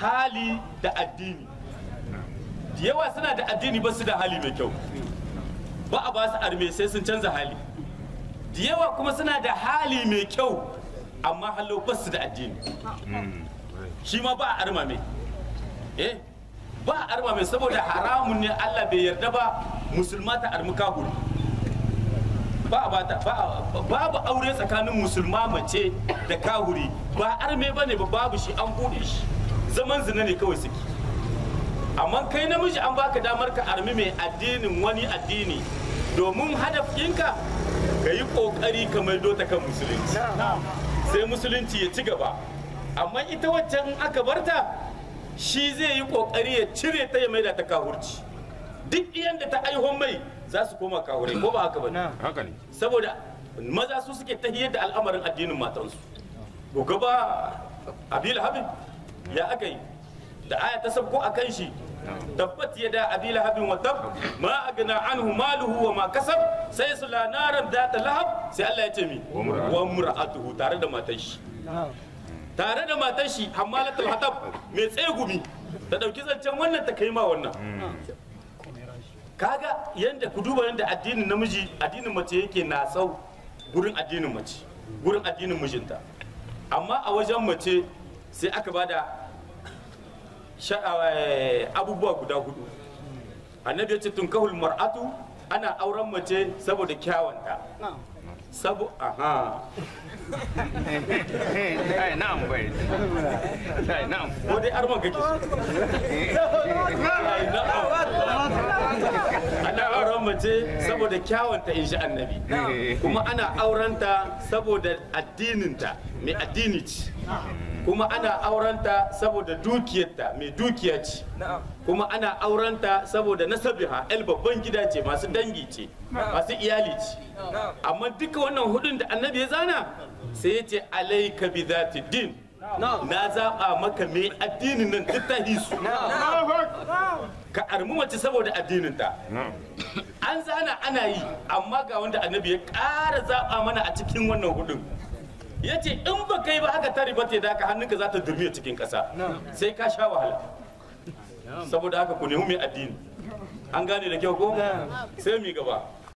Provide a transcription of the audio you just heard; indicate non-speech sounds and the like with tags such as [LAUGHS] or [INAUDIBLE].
hali da addini da yawa suna da addini ba su da hali mai kyau ba a ba su arme sai sun canza hali da yawa kuma suna da hali mai kyau amma hallo ba su da addini shi ma ba a arma mai eh ba a arma mai saboda haramun ne allah bai yarda ba musulma ta armi kahuri babu aure tsakanin musulma mace da kahuri ba arme bane ba babu shi an bude shi zaman zina ne kawai suke amma kai namiji an baka damar ka armi mai addinin wani addini domin hadafinka ka yi kokari ka maido kan musulunci sai musulunci ya ci gaba amma ita waccan aka barta shi zai yi kokari ya cire ta ya maida ta kahurci duk iyan da ta aihon mai za su koma kaure ko ba haka ba haka ne saboda maza su suke tahiyar da al'amarin addinin matansu goga ba abil habib ya aka yi da aya ta sabko a kan shi tabbat da abil lahabin wa tab ma agna anhu maluhu wa ma kasab sai su la naran da ta lahab sai Allah ya ce mi wa mur'atuhu tare da matan shi tare da matan shi hammalatul hatab mai tsaye gumi ta dauki zancen wannan ta kai ma wannan mm. kaga yanda ku duba yanda addinin namiji addinin mace yake na sau gurin addinin mace gurin addinin mijinta amma a wajen mace sai aka bada eh, abubuwa guda hudu annabi ya ce tunkahul mar'atu ana auren mace saboda kyawanta sabo aha na'am bai na'am ko dai arman kake [LAUGHS] [LAUGHS] [LAUGHS] mace saboda kyawunta in ji annabi kuma ana aurenta saboda addininta mai addini ce kuma ana auranta saboda dukiyarta mai dukiya ce kuma ana auranta saboda nasabiha el babban gida ce masu dangi ce masu iyali ce amma duka wannan hudun da annabi ya zana sai ya ce alaika bi zati din na zaɓa maka mai addinin nan duk ta armi saboda addininta an zana ana yi amma ga wanda annabi ya ƙara zaɓa mana a cikin wannan hudun ya ce in ba kai ba haka ta da da hannun hannunka za ta durmiya cikin ƙasa sai ka sha wahala saboda haka ku nemi mai addini an gane da kyau ko sai mi gaba